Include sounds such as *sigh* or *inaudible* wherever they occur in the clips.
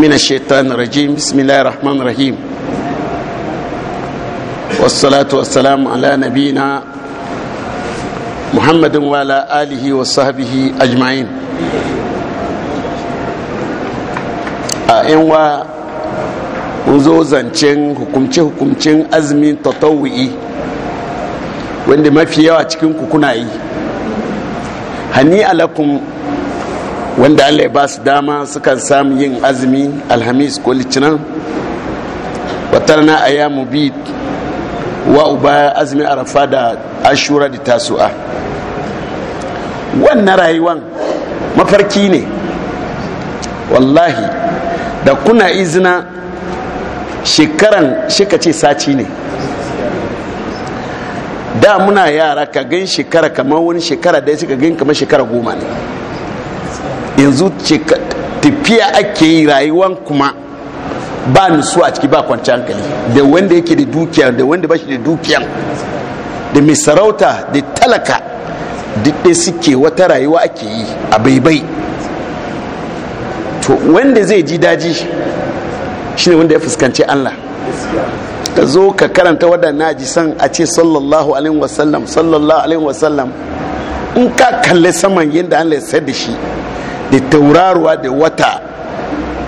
من الشيطان الرجيم بسم الله الرحمن الرحيم والصلاة والسلام على نبينا محمد وعلى آله وصحبه أجمعين أئنوا zo zancen hukumce-hukumcen azumin tattawi'i wanda mafi yawa cikin kuna yi hani alakum wanda allah ya ba su dama sukan samu yin azumi alhamis ko litinin watarna ayyamu bid wa uba azumi arafa da ashura da tasu'a wannan rayuwan mafarki ne wallahi da kuna izina shekaran shekace saci ne da muna yara ka gan shekara kamar wani shekara da ya suka gan kamar shekara goma ne yanzu tafiya ake yi rayuwan kuma ba su a ciki ba kwanci hankali da wanda yake da dukiya da wanda ba shi da dukiya da mai sarauta da talaka duk suke wata rayuwa ake yi a baibai to wanda zai ji daji shine wanda ya fuskanci allah ka zo ka karanta ji san a ce sallallahu alaihi wasallam sallallahu alaihi wasallam in ka kalli saman yadda an ya da shi da tauraruwa da wata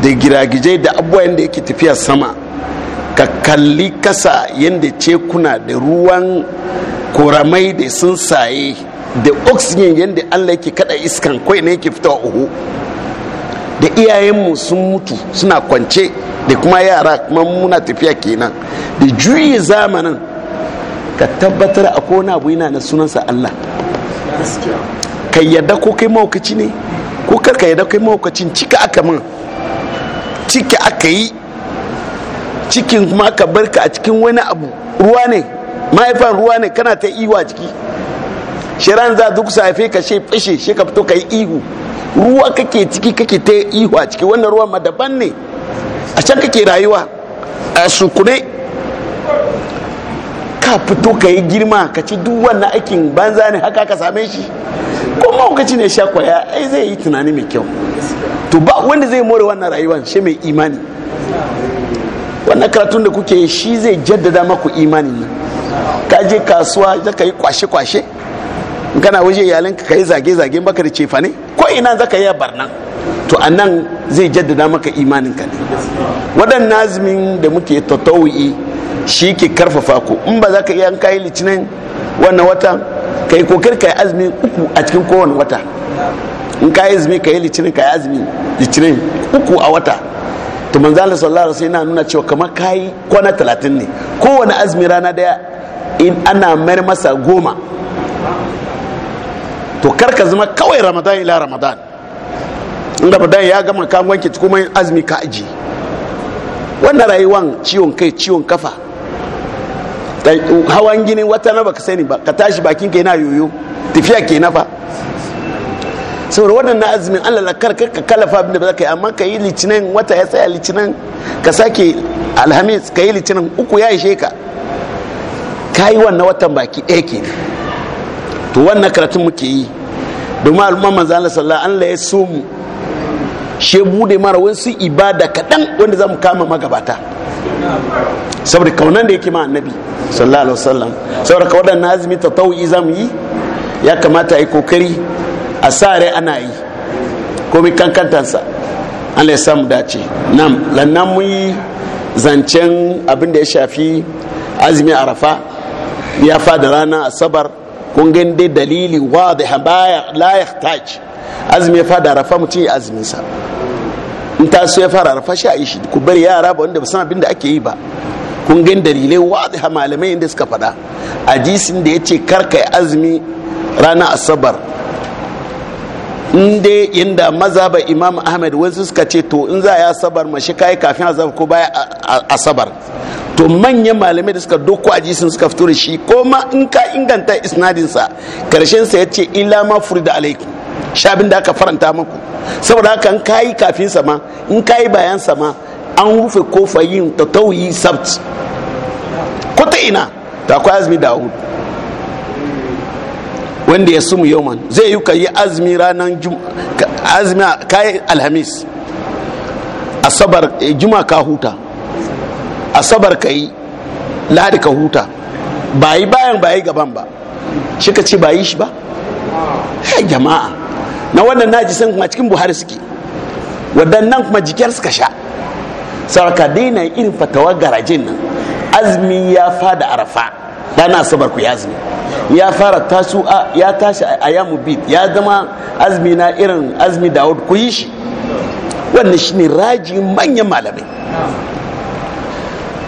da giragijai da abubuwan yadda yake tafiya sama ka kalli kasa yadda cekuna da ruwan koramai da sunsaye da oxygen yadda allah yake kada iskan kai ne yake fitowa uhu da iyayenmu sun mutu suna kwance da kuma yara kuma muna tafiya kenan da juyi zamanin ka tabbatar a kona abu yana na sunansa allah ka yadda ko kai maukaci ne ko karka yadda kai mahaukacin cika aka min cika aka yi cikin kuma aka ka a cikin wani abu ruwa ne mahaifan ruwa ne kana ta iwa ciki shiran za duk safe ka she fashe she ka fito ka yi ihu ruwa kake ciki kake ta ihu a ciki wannan ruwa ma daban ne a can kake rayuwa a sukune ka fito ka yi girma ka ci duk wannan aikin banza ne haka ka same shi ko maukaci ne sha kwaya ai zai yi tunani mai kyau to ba wanda zai more wannan rayuwar shi mai imani wannan karatun da kuke shi zai jaddada maku imani ne ka je kasuwa za ka yi kwashe-kwashe kana waje iyalin ka yi zage-zage baka da cefa ne ko ina za ka yi a barnan to anan zai jaddada maka ka ne waɗannan azumin da muke tattawi'i shi ke karfafa ku in ba za ka iya kayi litinin wannan wata ka yi kokar ka yi azumi uku a cikin kowane wata in ka yi azumi ka yi litinin ka yi azumi litinin uku a wata to manzan da sallallahu alaihi wasallam nuna cewa kamar yi kwana talatin ne kowane azumi rana daya in ana mayar masa goma to karka zama kawai ramadan ila ramadan in ramadan ya gama ka wanke kuma azumi ka aji wannan rayuwan ciwon kai ciwon kafa hawan gini wata na baka sani ba ka tashi bakin ka yana yoyo tafiya ke nafa saboda waɗannan azumin allah na kar ka kalafa abinda ba za ka yi amma ka yi litinin wata ya tsaya litinin ka sake alhamis ka yi litinin uku ya ishe ka ka yi wannan watan baki ɗaya ke to wannan karatun muke yi domin al'umma manzo allah sallallahu alaihi ya so mu shi bude mara wasu ibada kaɗan wanda za mu kama magabata saboda kaunan da yake ma annabi sallallahu alaihi wasallam saboda ka waɗannan azumi ta tawi za mu yi ya kamata a yi kokari a sa rai ana yi komai kankantansa an ya samu dace nam lannan mun yi zancen abin da ya shafi azumi arafa ya fada rana asabar kun gan dalili wa da baya la yahtaj azumi ya fada rafa mutum ya azumin sa in ta so ya fara rafa shi a yi shi ku bari yara ba wanda ba san abin da ake yi ba kun gan dalilai wadiha malamai inda suka faɗa hadisin da ya ce karka azumi rana asabar in dai maza ba imam ahmed wasu suka ce to in za a yi asabar mashi kayi kafin azab ko baya asabar to manyan malamai da suka doko hadisin suka fito da shi ko ma in ka inganta isnadinsa karshen sa ya ce ila ma da alaikum shi abin da aka faranta muku saboda haka in kayi kafin sama in kayi bayan sama an rufe kofa yin ta tauyi sabt ko ta ina ta kwa azumi dawud wanda ya sumu yauman zai yi ka yi azumi ranar azumi kayi alhamis asabar eh, juma ka huta asabar ka yi lahadi ka huta ba yi bayan ba yi gaban ba shi ka ce ba yi shi ba jama'a na wannan san kuma cikin buhari suke waɗannan kuma jikiyar suka sha sarka daina irin fatawa garajin nan azumi ya fada arafa dana asabar ku ya ya fara tasu'a ya tashi a yamu bid ya zama azumi na irin azumi dawud ku yi shi wannan shine raji manyan malamai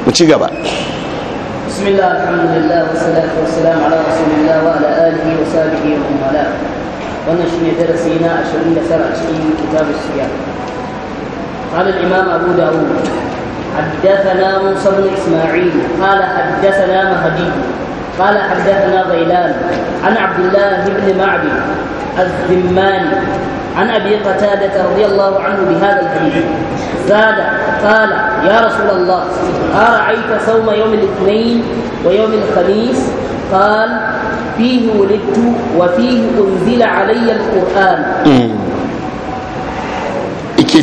mu ci gaba بسم الله الحمد لله والصلاة wannan shine darasi na 29 a cikin kitab siyar قال الإمام أبو داود حدثنا موسى بن إسماعيل قال حدثنا مهدي قال حدثنا غيلان عن عبد الله بن معبد الزماني عن ابي قتاده رضي الله عنه بهذا الحديث زاد قال يا رسول الله ارايت صوم يوم الاثنين ويوم الخميس قال فيه ولدت وفيه انزل علي القران hmm.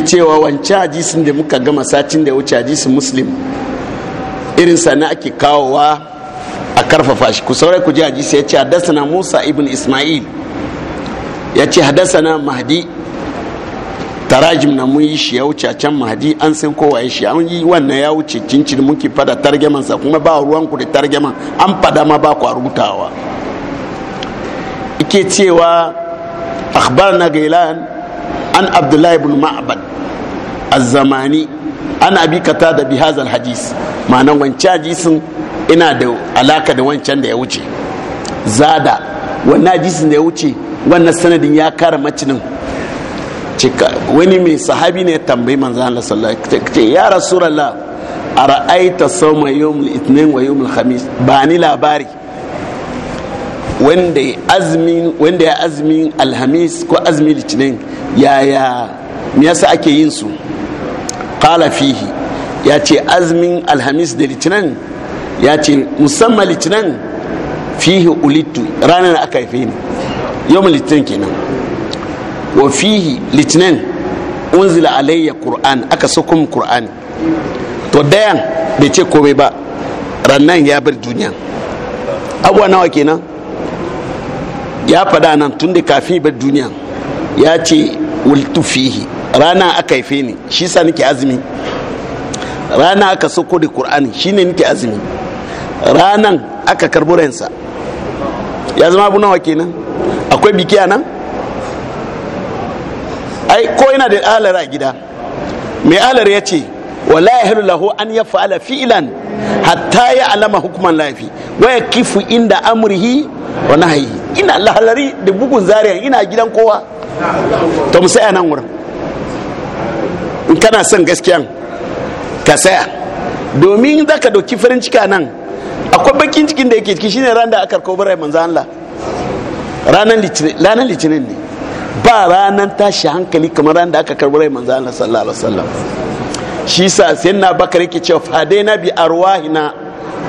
cewa wancan hadisin da muka gama satin da wuce hadisin muslim irin sana ake kawowa a karfafa shi ku saurai ku ji hadisi ya ce haddasa musa ibn ismail ya ce haddasa mahdi tarajim na mun yi shi ya wuce a can mahadi an san kowa ya shi an yi wannan ya wuce cincin muke fada targeman sa kuma ba ruwan ku da targeman an fada ma ba ku rubutawa ike cewa akhbar na gailan an abdullahi ibn ma'bad az-zamani an abi kata da bi hadal hadis ma'anan wancan hadisin ina da alaka da wancan da ya wuce zada wannan hadisin da ya wuce wannan sanadin ya kara macinin wani mai sahabi ne tambayi manzo Allah sallallahu alaihi wasallam ya rasulullah ara'aita sawma yawmul ithnin wa yawmul khamis ba ni labari wanda azmin wanda ya azmin alhamis ko azmin litinin yaya me yasa ake yin su qala fihi ya ce azmin alhamis da litinin ya ce musamman litinin fihi ulitu ranar aka haife ni yawmul litinin kenan wa fihi litinin unzila alayya qur'an aka sukum qur'ani to dayan bai ce komai ba rannan ya bar duniya abuwa nawa kenan ya fada nan tun da kafin bar duniya ya ce wultu fihi rana aka haife ni shi sa nake azumi rana aka soko da qur'ani shine nake azumi ranan aka karbo ya zama abu nawa kenan akwai biki a nan ai ko ina da alar a gida mai alar ya ce wala ya lahu an ya fa'ala fiilan hatta ya alama hukuman lafi waya kifu inda amurhi wa ina lahalari da bugun zariya ina gidan kowa to mu nan wurin in kana son gaskiyan ka saya domin za ka doki farin cika nan akwai bakin cikin da yake ciki shine ran da aka karɓo birai manzo Allah ranar litinin ne ba ranar tashi hankali kamar ran da aka karbar rai manzo Allah sallallahu alaihi wasallam shi sa na bakar yake cewa fadaina bi arwahina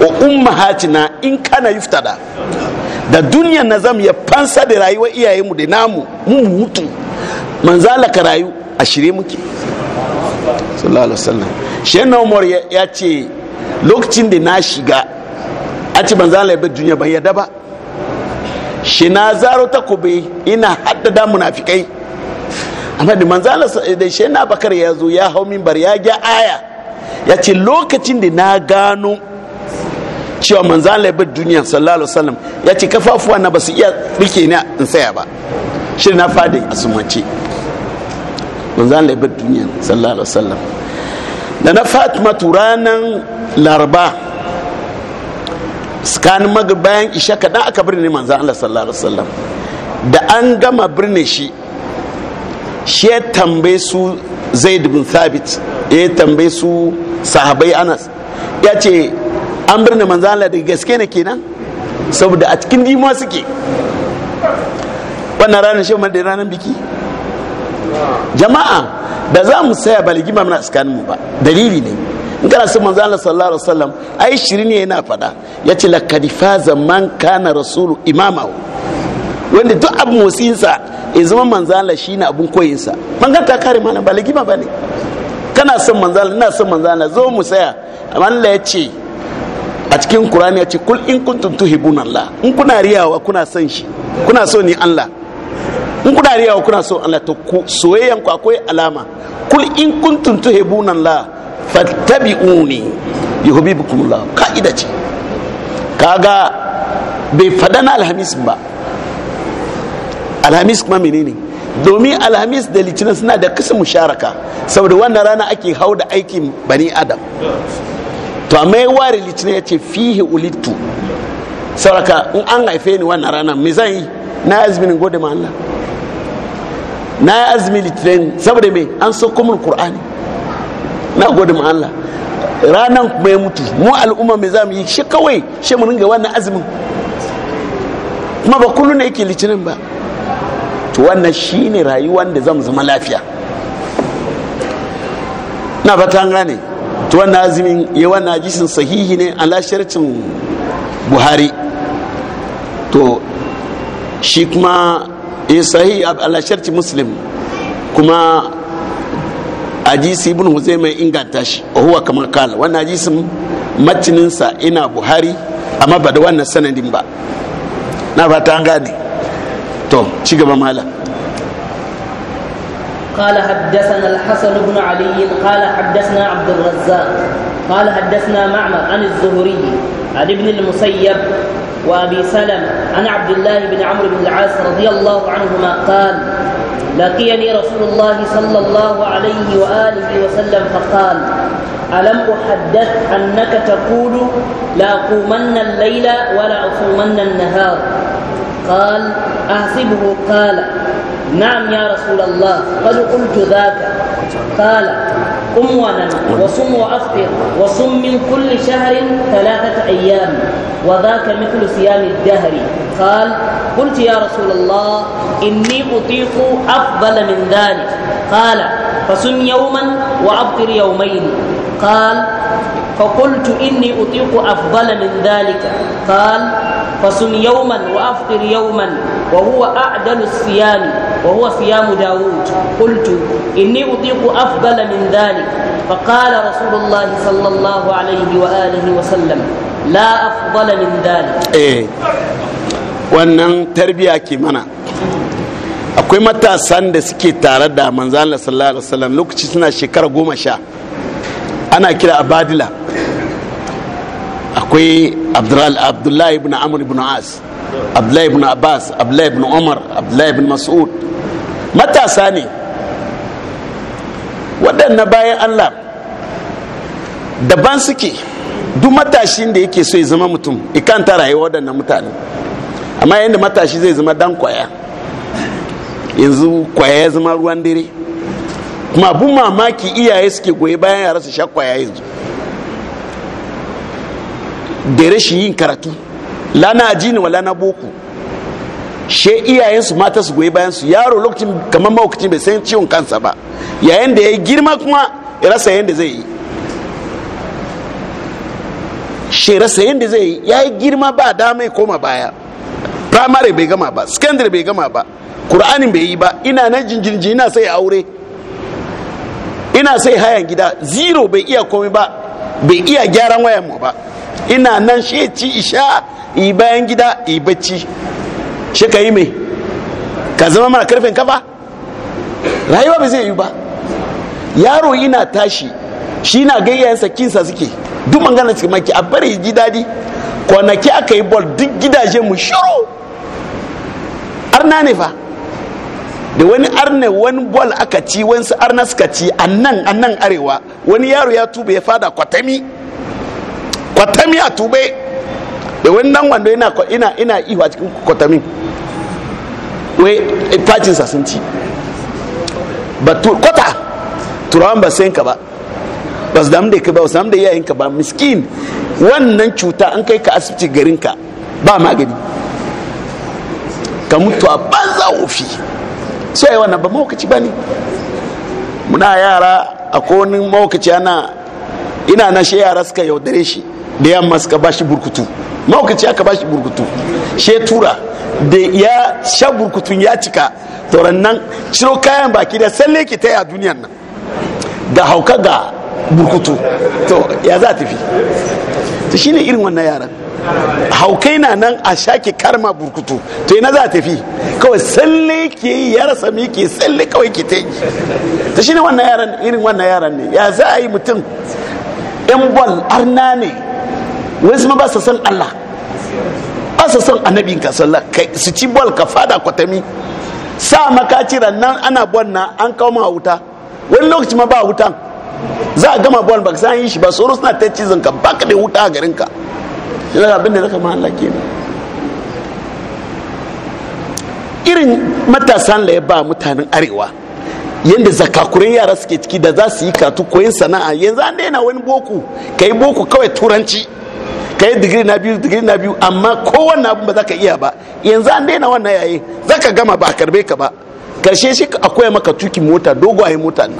wa ummahatina in kana yuftada da duniya na nazam ya fansa da rayuwar iyayenmu da namu mu mutu manzo Allah ka rayu a shirye muke sallallahu alaihi wasallam sayyidina umar ya ce lokacin da na shiga a ce manzo Allah ya bar duniya ban yadda ba shi na zaro ta kube ina haddada munafikai amma da manzala da shi na bakar ya zo ya hau mimbar ya gya aya ya ce lokacin da na gano cewa manzala ya bi duniya sallallahu alaihi wasallam ya ce kafafuwa na ba su iya rike ni in saya ba shi na fadi a sumance manzala ya bi duniya sallallahu alaihi wasallam da na fatima turanan laraba tsakanin magar bayan isha kaɗan aka birnin manzan Allah sallallahu alaihi wasallam da an gama birnin shi shi ya tambaye su zai bin sabit ya tambaye su sahabai anas ya ce an birnin manzan Allah da gaske ne kenan saboda a cikin dima suke wannan ranar shi da ranar biki jama'a da za mu saya ba na muna mu ba dalili ne na son manzo Allah sallallahu alaihi wasallam ai shiri ne yana fada yace laqad faza man kana rasulu imamahu wanda duk abin motsinsa ya zama manzo Allah shine abun koyinsa man ga ka kare mana ba bane kana son manzo Allah ina son manzo Allah zo mu saya amma Allah ya ce a cikin Qur'ani ya ce kul in kuntum tuhibuna Allah in kuna riyawa kuna son shi kuna so ni Allah in kuna riyawa kuna so Allah to soyayyan ku akwai alama kul in kuntum tuhibuna Allah fattabi'uni yuhibbukumullah ka'ida ce kaga bai fada na alhamis ba alhamis kuma menene domin alhamis da litinin suna da kasa musharaka saboda wannan rana ake hau da aikin bani adam to amma ya ware litinin ya ce fihi ulittu sauraka in an haife ni wannan rana mai zan yi na azumin gode ma Allah na ya azumi litinin saboda mai an so kuma qur'ani na gode ma Allah ranan kuma ya mutu mu al'umma mai zamu yi shi kawai shi mu ringa wannan azumin kuma ba kullum ne yake litinin ba to wannan shine rayuwar da zamu zama lafiya na ba ta gane to wannan azumin ya wannan hadisin sahihi ne ala sharcin buhari to shi kuma ya eh, sahihi ala sharci muslim kuma hadisi ibn huzaima inganta shi wa huwa kamar kala wannan hadisin sa ina buhari amma ba da wannan sanadin ba na fata an gane to ci gaba malam قال حدثنا الحسن بن علي قال حدثنا عبد الرزاق قال حدثنا معمر عن الزهري عن ابن المسيب وابي سلم عن عبد الله بن عمرو بن العاص رضي الله عنهما قال لقيني رسول الله صلى الله عليه وآله وسلم فقال ألم أحدث أنك تقول لا قومن الليل ولا أصومن النهار قال أحسبه قال نعم يا رسول الله قد قلت ذاك قال قم ونم وصم وأفطر وصم من كل شهر ثلاثة أيام وذاك مثل صيام الدهر قال قلت يا رسول الله inni utiku afdala min dhalik qala fasun yawman wa abtir yawmayn qal fa qultu inni utiku afdala min dhalika qal fasun yawman wa afdir yawman wa huwa a'dalu siyami wa huwa siyamu daud qultu inni utiku afdala min dhalik fa qala rasulullah sallallahu alayhi wa alihi wa sallam la afdala min eh, wannan tarbiyya ke mana akwai matasan da suke tare da da sallallahu alaihi wasallam lokaci suna shekara goma sha ana kira abadila akwai abdullahi ibn amur ibn as abdullahi ibn abbas abdullahi ibn umar abdullahi ibn mas'ud matasa ne waɗannan bayan allah daban suke duk matashin da yake so ya zama mutum ikanta rayuwa waɗannan mutane amma yadda matashi zai zama dan kwaya yanzu kwaya ya zama ruwan dare kuma abun mamaki iyaye suke goyi bayan yara su sha kwaya yanzu da rashin yin karatu lana ajini wa lana boko she iyayensu mata su goyi bayan su yaro lokacin kamar mahaukacin bai san ciwon kansa ba yayin da ya yi girma kuma ya rasa yadda zai yi she rasa yadda zai yi ya yi girma ba dama ya koma baya primary bai gama ba secondary bai gama ba ƙur'anin bai yi ba ina na jinjirji ina sai aure ina sai hayan gida zero bai iya komai ba bai iya gyaran wayan mu ba ina nan shi ci isha yi bayan gida yi bacci shi ka yi mai ka zama mana karfin kafa rayuwa ba zai yi ba yaro ina tashi shi na gayyayensa kinsa suke duk mangana cikin maki a bari ji daɗi kwanaki aka yi bol duk gidaje mu shiru arna ne fa da wani arne wani bol aka ci wani arna suka ci a nan a nan arewa wani yaro ya tuba ya fada kwatami kwatami a tube da wani nan wando ina ina ina ihu a cikin kwatamin wai facin eh, sa sun ci ba kwata turawan ba sai ka ba ba su damu da ka ba su damu da yayin ka ba miskin wannan cuta an kai ka asibiti garin ka ba magani ka mutu a banza ofi so ai wannan ba ba bane muna yara a wani mawakaci ana ina na shi yara suka yaudare shi da yamma suka bashi burkutu mawakaci aka bashi burkutu she tura da ya sha burkutun ya cika tauran nan ciro kayan baki da salle ta a duniyan nan da hauka ga burkutu to ya za tafi to shine irin wannan yaran haukai na nan a shaki karma burkutu to ina za tafi kawai tsalle ke yi ya rasa mi ke tsalle kawai ke ta yi ta shine wannan yaran irin wannan yaran ne ya za a yi mutum yan bal arna ne su ma ba su san allah ba su san annabin ka su ci bal ka fada kwatami sa makaci nan ana bonna an kawo ma wuta wani lokaci ma ba wutan za a gama ball ba san yi shi ba tsoro suna ta cizon ka baka da wuta a garin ka shi daga abin da zaka mahalla ne irin matasan da ya ba mutanen arewa yadda zakakurin yara suke ciki da za su yi katu koyin sana'a yanzu an daina wani boko ka yi boko kawai turanci ka yi digiri na biyu digiri na biyu amma kowanne abin ba za ka iya ba yanzu an daina wannan yayi za ka gama ba a karbe ka ba karshe shi akwai maka tuki mota dogo a yi mota nan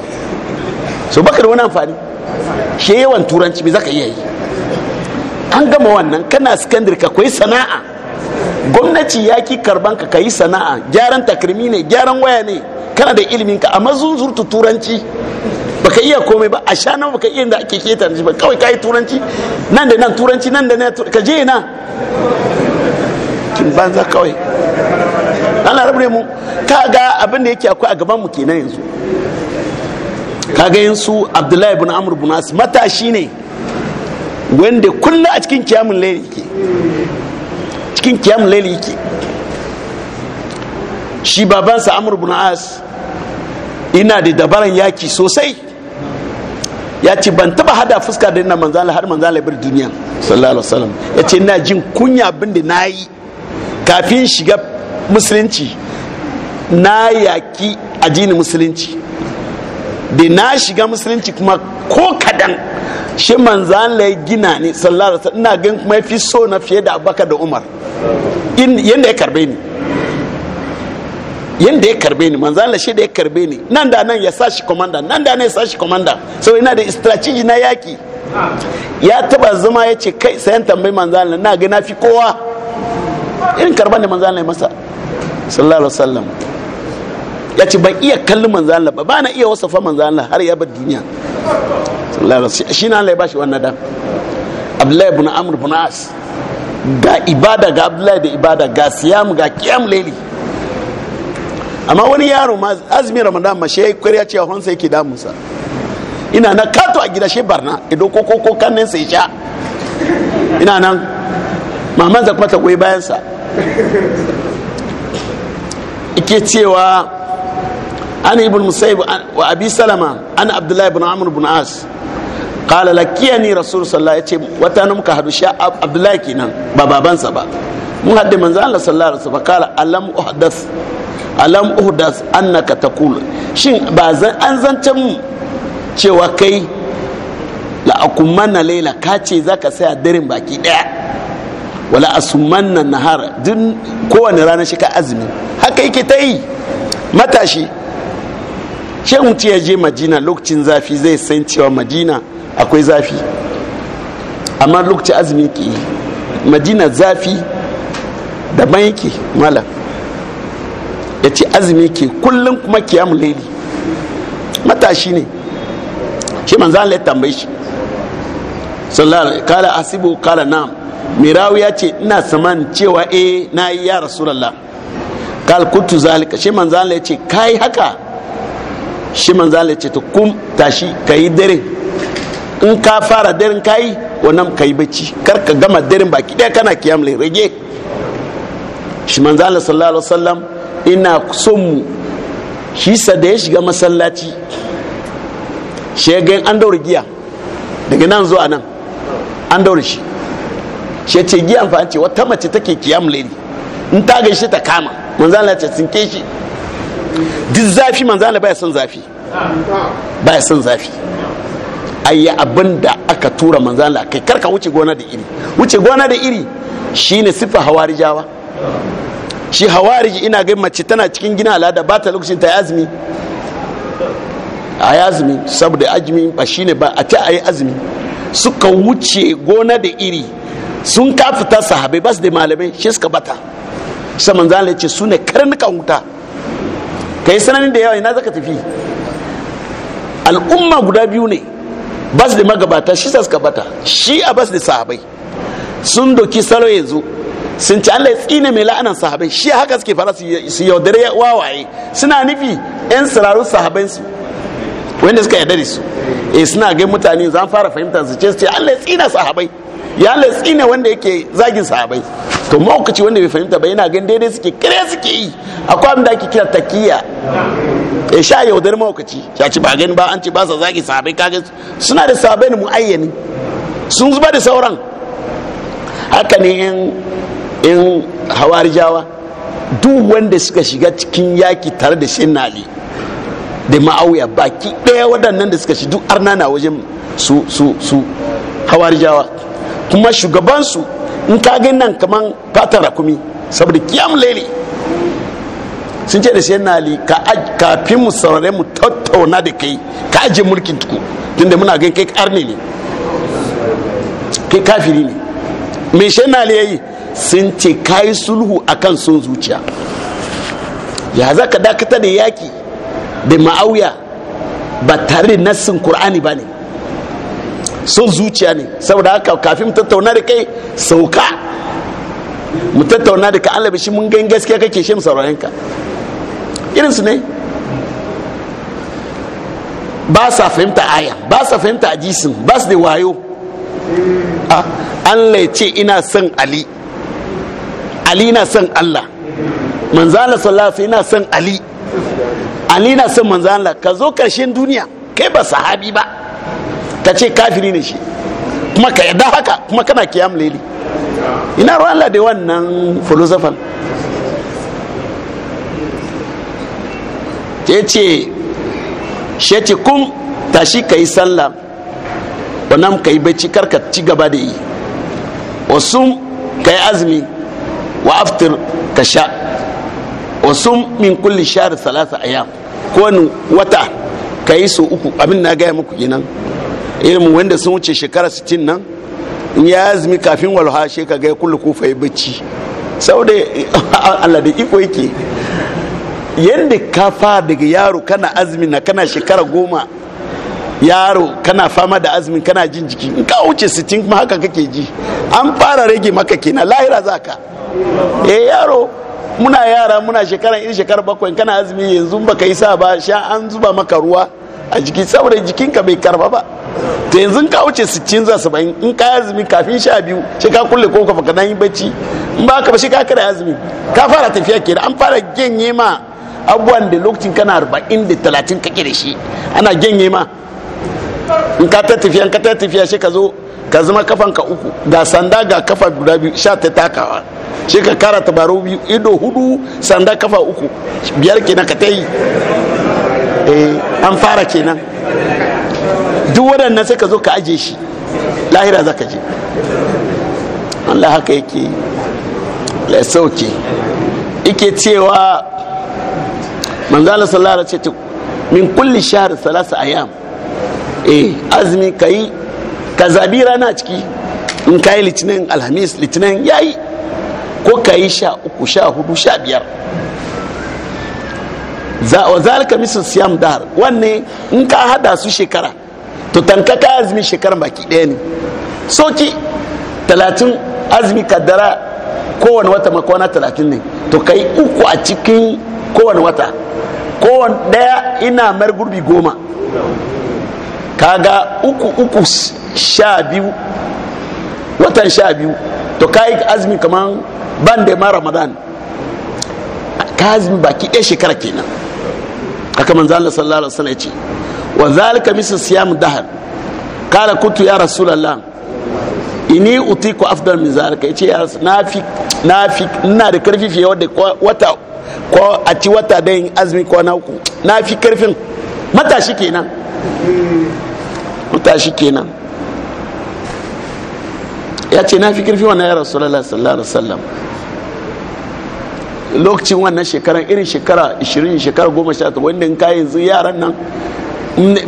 so baka da wani amfani shi yawan turanci me zaka iya yi an gama wannan kana sakandare ka koyi sana'a gwamnati ya ki karban ka kayi sana'a gyaran takrimi ne gyaran waya ne kana da ilimin ka amma zunzurtu turanci baka iya komai ba a sha baka iya da ake keta ba kawai yi turanci nan da nan turanci nan da nan ka je na kin banza kawai Allah rabu mu ka ga abin da yake akwai a gaban mu kenan yanzu kaga yin su abdullahi bin amr bin as matashi ne wanda kullum a cikin kiyamun laili yake cikin kiyamun laili yake shi babansa amr bin as ina da dabaran yaki sosai ya ce ban taba hada fuska da ina manzala har manzala bar duniya sallallahu alaihi wasallam ya ce ina jin kunya abin da na yi kafin shiga musulunci na yaki addinin musulunci da na shiga musulunci kuma ko kadan shi manzan lai gina ne sallallahu alaihi ina gan kuma fi so na fiye da abaka da umar yadda ya karbe ni yadda ya karbe ni manzan lai shi da ya karbe ni nan da nan ya sa shi komanda nan da nan ya sa shi komanda sau ina da strategy na yaki ya taba zama ya ce kai sayan tambayi manzan lai na gina fi kowa irin karban da manzan lai masa sallallahu alaihi wasallam ya ce ban iya kallon manzan Allah ba na iya wasafa manzan Allah har ya bar duniya shi na Allah ya bashi wannan dan Abdullahi ibn Amr ibn As ga ibada ga Abdullahi da ibada ga siyam ga qiyam layli amma wani yaro ma azmi Ramadan ma shi ya ce ki damu sa ina na kato a gida shi barna ido ko ko ko kannin sai sha ina nan maman zakwa ta bayan sa ike cewa an ibn musayib wa abi salama an abdullahi ibn amr ibn as qala lakiyani rasul sallallahu alaihi wasallam wata nan muka hadu sha abdullahi kenan ba babansa ba mun hadda manzo Allah sallallahu alaihi wasallam alam uhdath alam uhdath annaka taqul shin ba zan an zanta mu cewa kai la akumanna laila ka ce zaka saya daren baki ɗaya wala asumanna nahara duk kowane rana shi ka azumi haka yake ta yi matashi ce mutum ya je madina lokacin zafi zai san cewa madina akwai zafi amma lokacin azumi ke yi madina zafi daban yake malam ya ce azumi ke kullum kuma kiyamu laili matashi ne shi manzo Allah ya tambaye shi sallallahu kala asibu kala na'am mirawi ya ce ina saman cewa eh na yi ya rasulullah kal kuntu zalika shi manzo Allah ya ce kai haka shi manzala ce kum tashi ka yi dare in ka fara daren ka yi wannan ka yi bacci kar ka gama daren baki kiɗe kana kiyam lai rage shi manzala sallallahu alaihi wasallam ina son mu shi sa da ya shiga masallaci shegen an daure giya daga nan zuwa nan an daure shi shi ce giya amfani ce wata mace take kiyam lai in ta gaishe ta kama manzala ce sun ke shi duk zafi manzo Allah baya son zafi baya son zafi ayi abin da aka tura manzo Allah kai karka wuce gona da iri wuce gona da iri shine sifa hawarijawa shi hawariji ina ga mace tana cikin gina al'ada ba ta lokacin ta azumi a azumi saboda azumi ba shine ba a ta ayi azumi suka wuce gona da iri sun kafita sahabai ba su da malamai shi suka bata sai manzo Allah ya ce su ne karnukan wuta kai sanani da yawa ina zaka tafi al'umma guda biyu ne ba su da magabata shi suka bata shi a ba su da sahabai sun doki salo yanzu sun ci Allah ya tsine mai la'anan sahabai shi haka suke fara su yaudare wawaye suna nufi yan sirarun sahabai su wanda suka yadda da su eh suna ga mutane zan fara fahimta su ce su ce Allah ya tsina sahabai ya latsi ne wanda yake zagin sahabai to mawukaci wanda bai fahimta ba yana gan daidai suke kare suke yi akwai abin da ake kira takiya ya sha yaudar mawukaci ya ci ba gani ba an ci ba sa zagi sahabai kage suna da sahabai ne muayyani sun zuba da sauran haka ne in in hawarijawa duk wanda suka shiga cikin yaki tare da shi nali da ma'auya baki ɗaya waɗannan da suka shi duk arna na wajen su su su hawarijawa kuma shugabansu in ka ga nan kaman fatan rakumi saboda kiyam lele sun ce da sai na ka kafin mu saurare mu tattauna da kai ka aje mulkin tuku tunda muna gan kai karni ne kai kafiri ne me shi na li yayi sun ce kai sulhu akan son zuciya ya za ka dakata da yaki da ma'auya ba tare da nassin qur'ani ba ne son zuciya ne saboda haka kafin mu tattauna da kai sauka mu tattauna da ka Allah shi mun gan gaskiya kake shi mu sauraron ka irin su ne ba sa fahimta aya ba sa fahimta ajisin ba su da wayo ah, Allah ya ce ina son Ali Ali na son Allah manzala sallallahu ina son Ali Ali na son manzala ka zo karshen duniya kai ba sahabi ba ta ce kafiri ne shi kuma ka yadda haka kuma kana kiyam leli ina ruwan da wannan filosofal ya ce shi ce kun tashi ka yi sallah wannan ka yi bacci karka ci gaba da yi wasu ka yi azumi wa aftir ka sha wasu min kulli shahar salasa a yam kowane wata ka yi so uku abin na gaya muku kenan ilimin wanda sun wuce shekara 60 nan in ya azumi kafin walha ka ga kullu kufa yi bacci da *laughs* Allah da iko yake yadda ka daga yaro kana azumi na kana shekara goma yaro kana fama da azumin kana jin jiki in ka wuce sittin kuma haka kake ji an fara rage maka kenan lahira za ka eh yaro muna yara muna shekara in shekara bakwai kana azumi yanzu baka yi sa ba sha an zuba maka ruwa a jiki saboda jikinka bai karba ba ta yanzu ka wuce 60 za 70 in ka azumi kafin sha biyu shi ka kulle ko ka fakadan yi bacci in ba ka ba shi ka kare azumi ka fara tafiya kenan an fara genye ma abubuwan da lokacin kana 40 da 30 kake da shi ana genye ma in ka ta tafiya ka ta tafiya shi ka zo ka zama kafan ka uku ga sanda ga kafa guda biyu sha ta takawa shi ka kara tabaro biyu ido hudu sanda kafa uku biyar kenan ka ta yi eh an fara kenan duk waɗannan sai ka zo ka aje shi lahira za ka je Allah haka yake ya ike cewa manzala salara ce min kulli shahar salasa yam, eh azumi ka yi ka zabi rana ciki in yi litinin alhamis litinin ya yi, ko ka yi sha uku sha hudu sha biyar za wa zalika misal siyam dahar wanne in ka hada su shekara to tanka ka azumi shekaran baki ɗaya ne soki talatin azumi kaddara kowane wata makwana talatin ne to kai uku a cikin kowane wata kowane ɗaya ina mar gurbi goma kaga uku uku sha biyu watan sha biyu to ka yi azumi kaman ban da ma ramadan ka azumi baki ɗaya shekara kenan haka manzo Allah sallallahu alaihi wasallam yace wa zalika misal siyam dahar kala kuntu ya rasulullah ini utiku afdal min zalika yace ya nafi nafi ina da karfi fiye wadda wata ko a ci wata da yin azumi ko na uku nafi karfin matashi kenan matashi kenan ya ce na fi karfi wannan ya rasulullah sallallahu alaihi wasallam lokacin wannan shekarar irin shekara 20 shekara 18 wanda in kayan yanzu yaran nan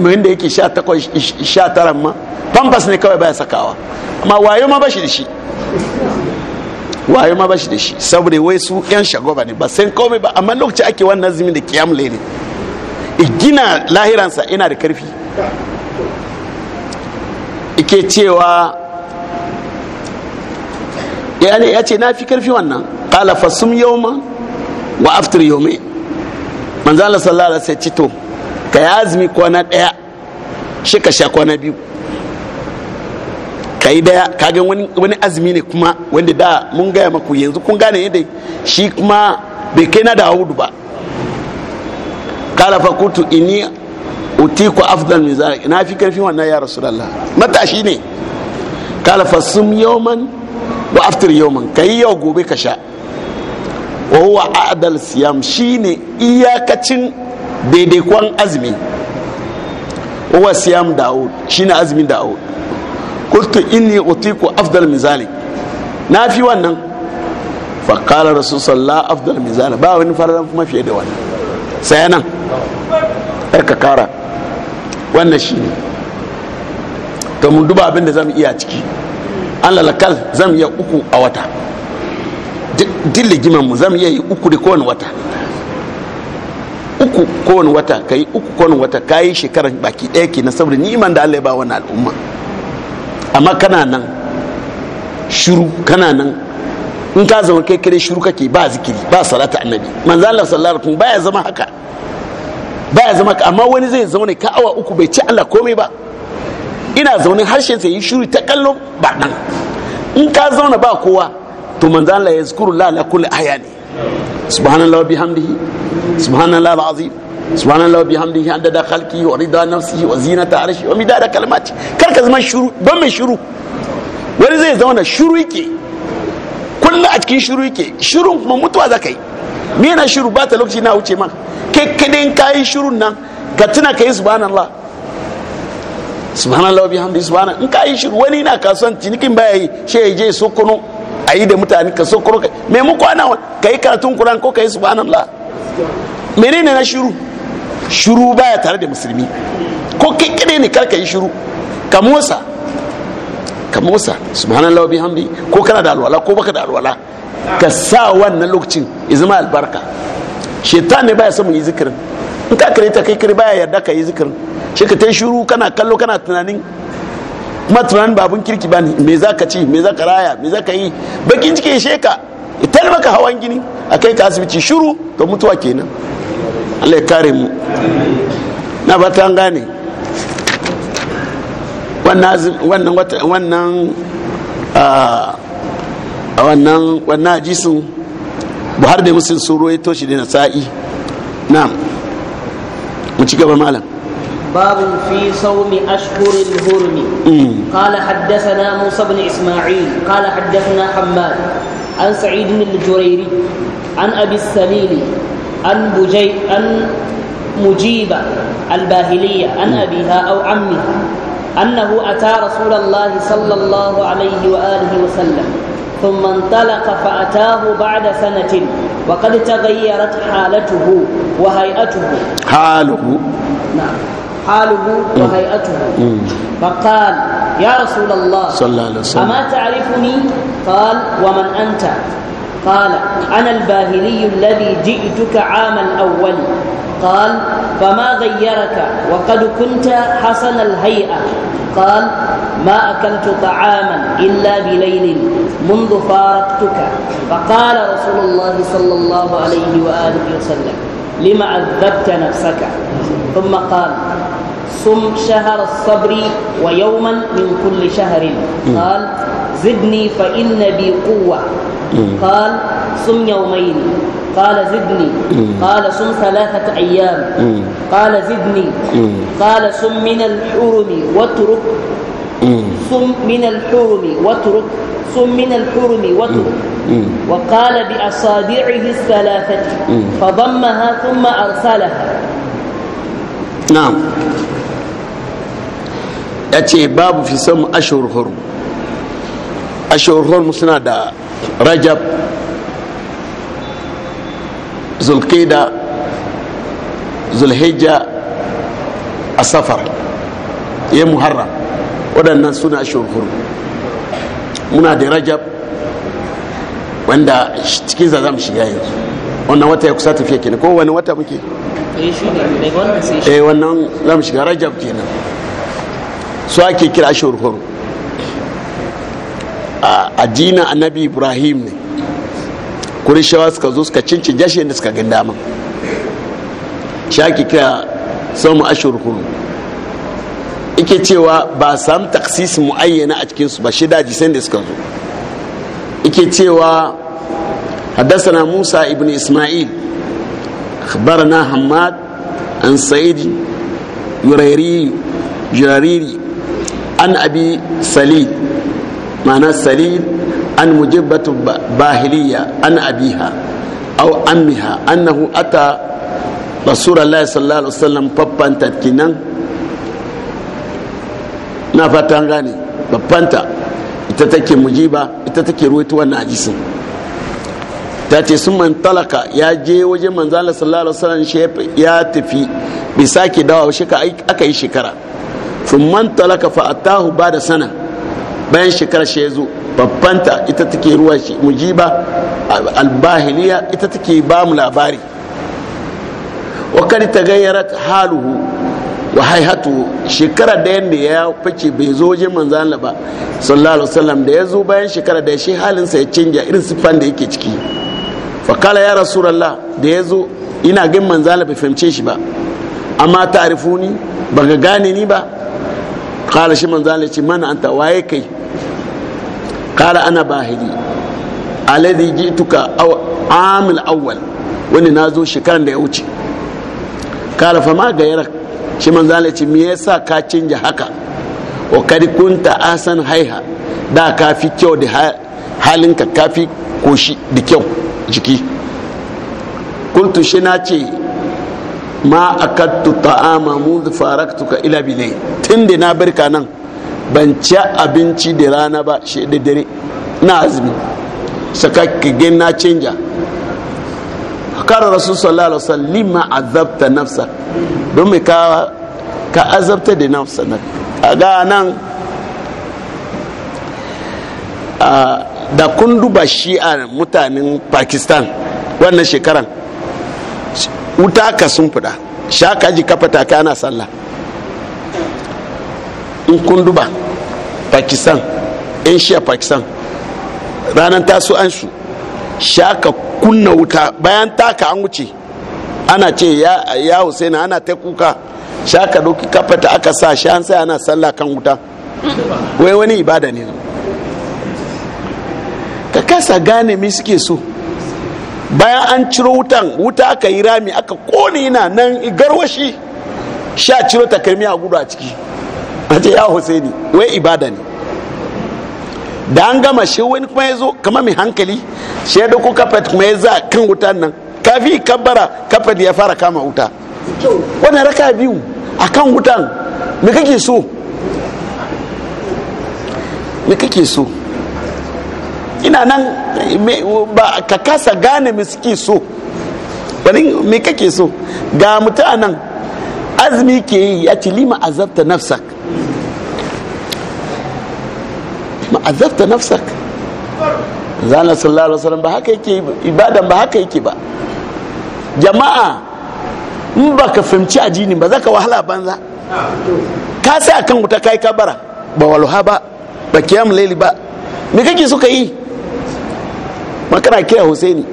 wanda yake 18 19 ma pampas ne kawai baya sakawa amma wayo ma ba shi da shi wayo ma ba shi da shi saboda wai su yan shagoba ne ba sai komai ba amma lokacin ake wannan zimin da kiyam lere gina lahiransa ina da karfi ike cewa ya ce na fi karfi wannan kala fasum yau ma wa after yomi manzo Allah sallallahu alaihi wasallam ya ce to ka yazmi azumi kwana daya shi ka sha kwana biyu kai yi daya kaga wani wani azumi ne kuma wanda da mun gaya maku yanzu kun gane yadda shi kuma bai kai na da hudu ba kala fa fakutu ini utiku afdal min zalik na fi karfin wannan ya rasulullah matashi ne kala fa sum yawman wa after yawman kai yau gobe ka sha wa huwa adal siyam shine iyakacin daidaikon azumi wa siyam daud shine azumin daud qultu inni utiku afdal min zalik na fi wannan fa qala rasul sallallahu afdal min zalik ba wani fararan kuma fiye da wannan sai nan ka kara wannan shine to mun duba abin da zamu iya ciki an lalakal zamu iya uku a wata dilli ligiman mu zamu iya yi uku da kowane wata uku kowane wata ka yi uku kowane wata ka yi shekarar baki ɗaya na saboda ni'iman da Allah ya ba wani al'umma amma kana nan shiru kana nan in ka zama kai kare shiru kake ba zikiri ba salata annabi manzo Allah sallallahu alaihi baya zama haka baya zama amma wani zai zaune ka awa uku bai ci Allah komai ba ina zaune harshen sai yi shiru ta kallo ba nan in ka zauna ba kowa to manzo Allah ya zikuru la ala kulli ayani subhanallahi wa bihamdihi subhanallahi alazim subhanallahi wa bihamdihi adada khalqi wa rida nafsihi wa zinata arshi wa midada kalimati kar ka zama shiru don mai shuru wani zai zauna shuru yake kullu a cikin shuru yake shirun kuma mutuwa zakai me yana shuru ba ta lokaci na wuce ma kai kadin kai shirun nan ka tuna kai subhanallah subhanallahi wa bihamdihi subhanallahi in kai shuru wani na kasuwan cinikin baya yi shi ya je sokono a yi da mutane ka so kuro me mu kwana ka yi karatun kuran ko ka yi subhanallah menene na shiru shiru baya tare da musulmi ko kai kire ne kar ka yi shiru ka Musa ka motsa subhanallah bihamdi ko kana da alwala ko baka da alwala ka sa wannan lokacin izma albarka shaitan ne baya samun yi zikirin in ka kare ta kai kare baya yarda ka yi zikirin shi ka ta shiru kana kallo kana tunanin kuma babun kirki bane me za ka ci me za ka raya me za ka yi bakin ciki ya sheka tal maka hawan gini a kai ka asibiti shuru ga mutuwa kenan allah ya kare mu na ba ta gane wannan ah, wannan wannan wannan buhari da musulun sun ruwaito shi da nasa'i na mu ci gaba malam باب في صوم أشهر الهرم قال حدثنا موسى بن إسماعيل قال حدثنا حماد عن سعيد بن الجريري عن أبي السليل عن بجي عن مجيبة الباهلية عن أبيها أو عمها أنه أتى رسول الله صلى الله عليه وآله وسلم ثم انطلق فأتاه بعد سنة وقد تغيرت حالته وهيئته حاله نعم حاله وهيئته فقال يا رسول الله صلى الله عليه وسلم أما تعرفني قال ومن أنت قال أنا الباهلي الذي جئتك عام الأول قال فما غيرك وقد كنت حسن الهيئة قال ما أكلت طعاما إلا بليل منذ فارقتك فقال رسول الله صلى الله عليه وآله وسلم لم عذبت نفسك ثم قال صم شهر الصبر ويوما من كل شهر قال زدني فإن بي قوة قال صم يومين قال زدني قال صم ثلاثة أيام قال زدني قال صم من الحرم واترك صم من الحرم واترك صم من الحرم واترك وقال بأصابعه الثلاثة فضمها ثم أرسلها نعم ya ce babu fi samu ashur hurum suna da rajab zulkida zulhijja a safar ya muharram waɗannan suna ashur muna da rajab wanda cikin za mu shiga yanzu wannan wata ya kusa tafiya kenan ko wani wata muke eh, eh wannan za mu shiga rajab kenan su ake kira shirkun a addinin annabi ibrahim ne kurishawa suka zo suka cincin jashe da suka ganda dama shi ake kira samu ashirkun ike cewa ba samu mu mu'ayyana a cikinsu ba shida jisai da suka zo ike cewa حدثنا musa ابن ismail akhbarana hamad an سعيد yurairi Jariri. an abi sali ma'ana sali an mujibbatu bahiliya an abiha aw ammiha annahu ata rasulullahi sallallahu alaihi wasallam faffanta nan na fatan gane faffanta ita take mujiba ita take ruwaito wannan hadisin ta ce sun man talaka ya je wajen manzala sallallahu alaihi wasallam ya tafi bai sake dawa shi aka yi shekara sun man talaka fa ba da sana bayan shekara shi ya zo babbanta ita take ruwa shi mujiba albahiliya ita take ba mu labari wa ta tagayyarat haluhu wa haihatu shekara da yadda ya fice bai zo wajen manzan ba sallallahu alaihi wasallam da ya zo bayan shekara da shi halinsa ya canja irin siffan da yake ciki fakala ya ya rasulullah da ya zo ina gan manzan bai fahimce shi ba amma ta ba baka gane ni ba kala shi manzo Allah ce mana anta waye kai kala ana bahiri alladhi jituka aw amil awwal wani nazo shekaran da ya wuce kala fa ma yara shi manzo Allah ce me yasa ka canja haka wa kad kunta asan haiha da ka fi kyau da halinka ka fi koshi da kyau jiki kuntu shi na ce ma akattu ta'ama mundu faraktuka ila bilay tunda na barka nan ban ci abinci da rana ba shi da dare na azumi saka gen na canja kara rasul sallallahu alaihi wasallam ma azabta nafsa don me ka ka azabta da nafsa nan a nan da kun duba shi'a mutanen pakistan wannan shekaran wuta ka sun fida shaka ji kafa taka ana sallah in kun duba pakistan yan pakistan ranar taso an su shaka kunna wuta bayan taka an wuce ana ce ya, ya husaina ana ta kuka shaka doki kafata aka sa shi an sai ana sallah kan wuta wai wani ibada ne ka kasa gane me suke so bayan an ciro wutan wuta aka yi rami aka kone yana nan garwashi sha ciro takalmi a gudu a ciki a ce ya husaini wai ibada ne da an gama shi wani kuma ya zo kama mai hankali shi ya dauko kafet kuma ya za kan wutan nan kafi kabbara kafet ya fara kama wuta wani raka biyu a kan wutan me kake so kake so ina nan ba ka kasa gane me so wani me kake so ga mutum nan azumi ke yi ya ci lima azabta nafsak ma azabta nafsak zana sallallahu alaihi wasallam ba haka yake ibadan ba haka yake ba jama'a in ba ka fahimci ajini ba za ka wahala banza ka sai akan wuta kai kabara ba walha ba ba kiyam leli ba me kake so ka yi makana kira husaini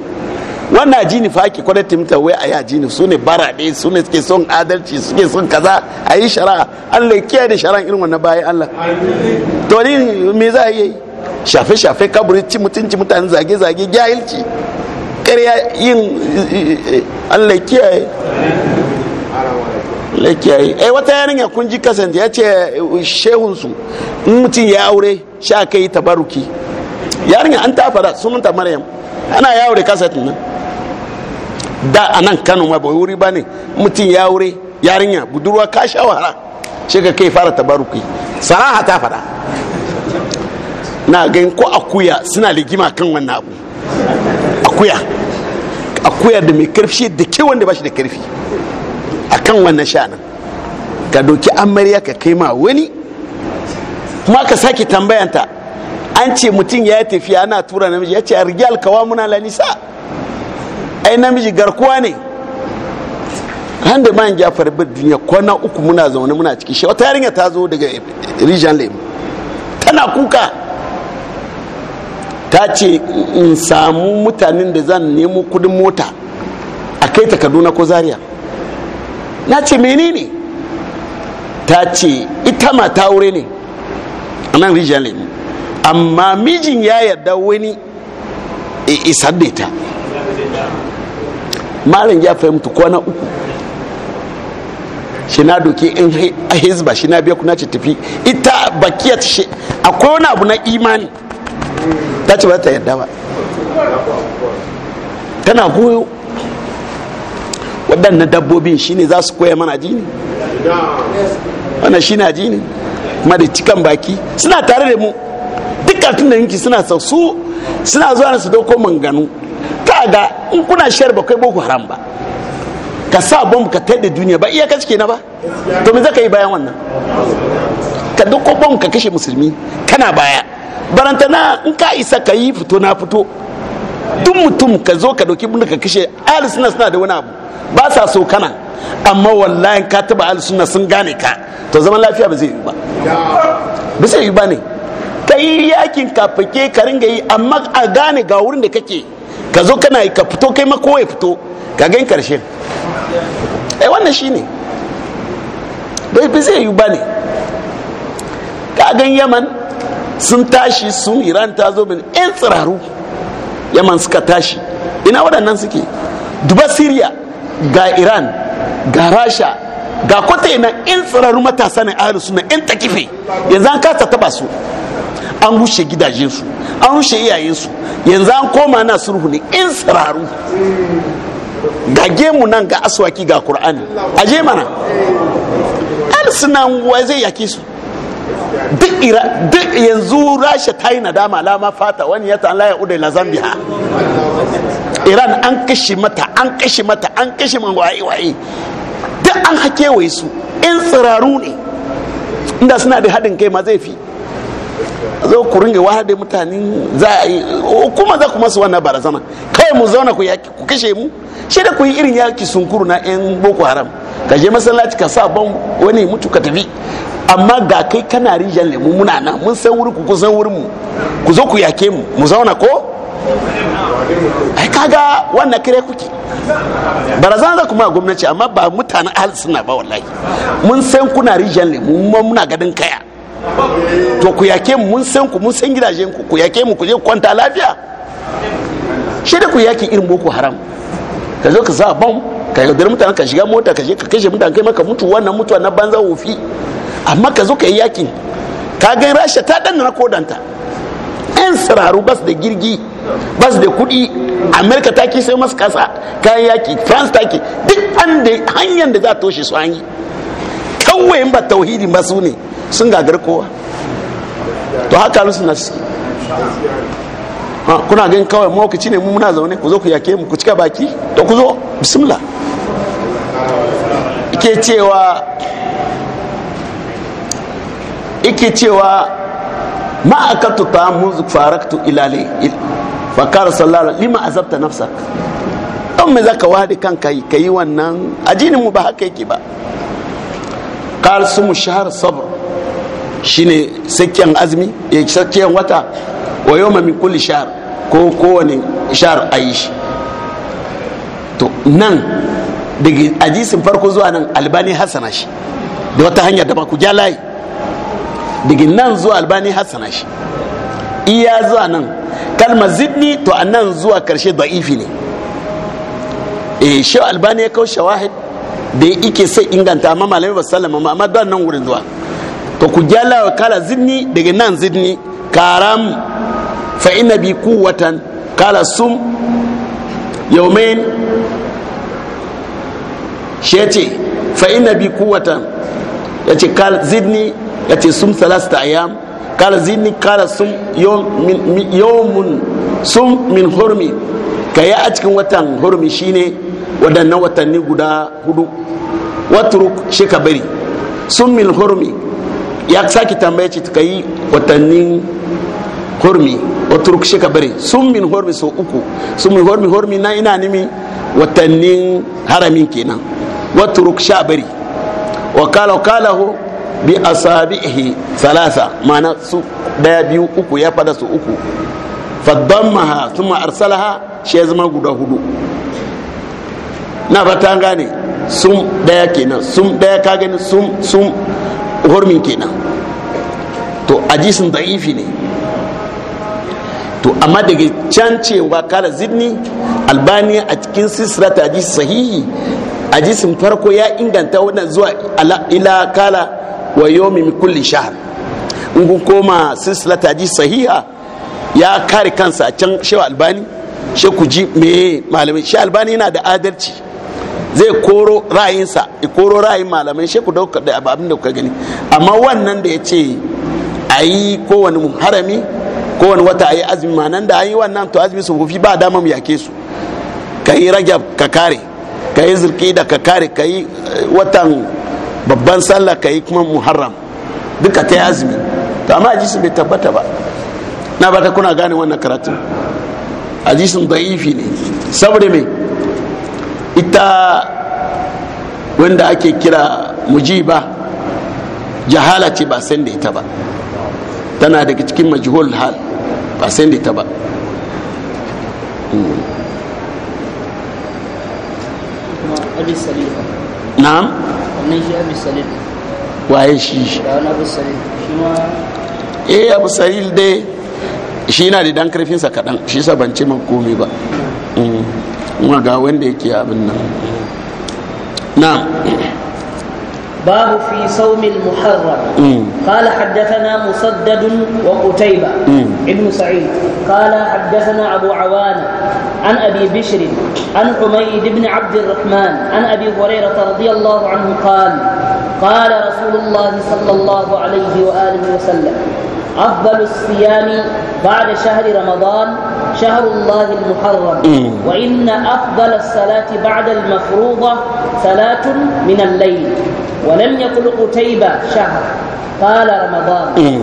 wannan ajini fa ake kwanar timta wai a yi ajini su ne baraɗe su ne suke son adalci suke son kaza a yi shara'a allah kiyaye da shara'a irin wannan bayan allah to ni me za a yi shafe shafe kaburi ci mutunci mutane zage zage jahilci ƙarya yin allah kiyaye lakiyayi eh wata yarinya kun ji kasance ya ce shehunsu in mutum ya aure sha kai tabaruki yarinya an ta fara sunanta maryam ana yawo da kasa nan da a nan kano ma bai wuri ba ne mutum ya wuri yarinya budurwa ka sha wahala shi ka kai fara tabaruki sana'a ta fara na gani ko akuya suna ligima kan wannan abu akuya akuya da mai karfi da ke wanda ba shi da karfi a kan wannan nan ka doki amarya ka kai ma wani kuma ka sake tambayanta an ce mutum ya yi tafiya ana tura namiji ya ce rigyal kawa muna la nisa ai namiji garkuwa ne han da man ya bir duniya kwana uku muna zaune muna ciki shi wata yarinya ta zo daga region lemu tana kuka ta ce in samu mutanen da zan nemo kudin mota a kai ta kaduna ko zaria na ce menene ta ce ita ma ta wure ne a nan region lemu amma mijin ya yarda wani e isar da ita malam ya fahimta kwana uku shi na doki in hezba shi na biya kuna ce tafi ita bakiyar shi akwai wani abu na imani ta ce ba ta yarda ba tana goyo waɗannan dabbobin shine za su koya mana jini wannan shi na jini kuma da cikan baki suna tare da mu duk tun da yanki suna sa su suna zuwa su dauko manganu ta ga in kuna shayar ba kai boko haram ba ka sa bomb ka tada duniya ba iya kace na ba to me zaka yi bayan wannan ka dauko bomb ka kashe musulmi kana baya baranta na in ka isa ka yi fito na fito duk mutum ka zo ka dauki ka kashe ahli sunna suna da wani abu ba sa so kana amma wallahi ka taba ahli sunna sun gane ka to zaman lafiya ba zai yi ba ba zai yi ba ne ka yi yakin kafake ka ringa yi amma a gane ga wurin da kake ka zo kana yi ka fito kai ma ya fito ka gan karshen ai eh, wannan shine bai bi zai yi ba ne ka gan yaman sun tashi sun iran ta zo bin yan tsiraru yaman suka tashi ina waɗannan suke duba syria ga iran ga rasha ga kwata yana in tsiraru matasa ne ahalusu suna yan takife yanzu an kasa taba su an rushe gidajensu an rushe iyayensu yanzu an koma na sulhu ne in siraru ga gemu nan ga aswaki ga kur'ani aje mana sunan wa zai yake su duk ira duk yanzu rasha ta yi nadama lama fata wani ya ta'ala ya udai na Zambia iran an kashe mata an kashe mata an kashe man waye-waye duk an hakewaye su in tsiraru ne inda suna da haɗin kai ma zai fi zo ku ringa wahar da mutane za a yi kuma za ku masu wannan barazana kawai mu zauna ku yaki ku kashe mu shi da ku yi irin yaki sunkuru na yan boko haram ka je masallaci ka sa ban wani mutu ka tafi amma ga kai kana rijiyar lemu muna nan mun san wuri ku san wurin mu ku zo ku yake mu mu zauna ko ai kaga wannan kire kuke barazana za kuma gwamnati amma ba mutanen ahal suna ba wallahi mun san kuna rijiyar lemu muna gadin kaya to ku yake mu mun san ku mun san gidajen ku ku yake mu ku je kwanta lafiya shi da ku yake irin boko haram ka zo ka sa bom ka yaudar mutane ka shiga mota ka je ka kashe mutane kai maka mutu wannan mutuwa na banza wofi amma ka zo ka yi yakin ka ga rasha ta na kodanta yan sararu bas da girgi bas da kudi amerika ta ki sai masu kasa kayan yaki france ta ki duk an da hanyar da za toshe su an yi kawai ba tauhidi ba su ne sun gagar kowa to haka halin suna suke kuna gan kawai mawakaci ne muna zaune ku zo ku yake mu ku cika baki to ku zo bismillah ike cewa ike cewa ma akatu ta munzu faraktu ilale fakar sallala lima azabta nafsa don me zaka wadi kan yi kayi wannan ajinin mu ba haka yake ba qal sumu shahr sabr shine sakiyan azumi ya eh, sakiyan wata wa yau min kulli shahar ko kowane shahar a yi shi to nan daga ajisin farko zuwa nan albani hasana shi da wata hanya da ku jalaye daga nan zuwa albani hasana shi iya zuwa nan kalmar zidni to a nan zuwa karshe da ifi ne e shi albani ya kawo shawahid da yake sai inganta amma malamai ba sallama amma don nan wurin zuwa to ku wa kala zidni daga nan zidni karam fa ina bi kuwatan kala sum yaumain shi ya ce fa ina bi kuwatan ya ce kala zidni ya ce sum salasta ayam kala zidni kala sum yawmun sum min hurmi ka yi a cikin watan hurmi shine waɗannan watanni guda hudu waturuk shi ka bari sun min hurmi ya sake tambaya ce ka yi watannin hormi wata rukushe ka bari sun min hormi sau uku sun min hormi hormi na ina nimi watannin haramin kenan wata rukushe bari wa kala kala ho bi ihe salasa mana su daya biyu uku ya fada su uku ma arsala ha shi ya zama guda hudu na fata gane sun daya kenan sun daya ka gani sun sun hormin kenan to ajisin da'ifi ne to amma daga can cewa kala zidni albani a cikin sisra ta ajisi sahihi ajisin farko ya inganta wannan zuwa ila kala wa yomi kulli shahar in kun koma sisra ta ajisi sahiha ya kare kansa a can shewa albani shekuji mai ji malamai shi albani yana da adalci zai koro ra'ayinsa ya koro ra'ayin malamai shi ku dauka da abin da kuka gani amma wannan da ya ce a yi kowane harami kowane wata a yi azumi ma nan da an yi wannan to azumi su hufi ba dama mu yake su ka yi rajab ka kare ka yi zirki da ka kare ka yi eh, watan babban sallah ka yi kuma muharram duka ta yi azumi to amma hadisin bai tabbata ba na bata kuna gane wannan karatun sun da'ifi ne saboda mai ita wanda ake kira mujiba jahala ce ba san da ita ba tana daga cikin majihul hal ba san da ita ba na'am waye shi eh abu salil dai shi na da dan karfinsa kaɗan shi sa ban ce man komai ba mm. ga wanda yake abin nan na باب في صوم المحرم مم. قال حدثنا مسدد وقتيبة مم. ابن سعيد قال حدثنا أبو عوان عن أبي بشر عن حميد بن عبد الرحمن عن أبي هريرة رضي الله عنه قال قال رسول الله صلى الله عليه وآله وسلم أفضل الصيام بعد شهر رمضان شهر الله المحرم وإن أفضل الصلاة بعد المفروضة صلاة من الليل ولم يقل قتيبة شهر قال رمضان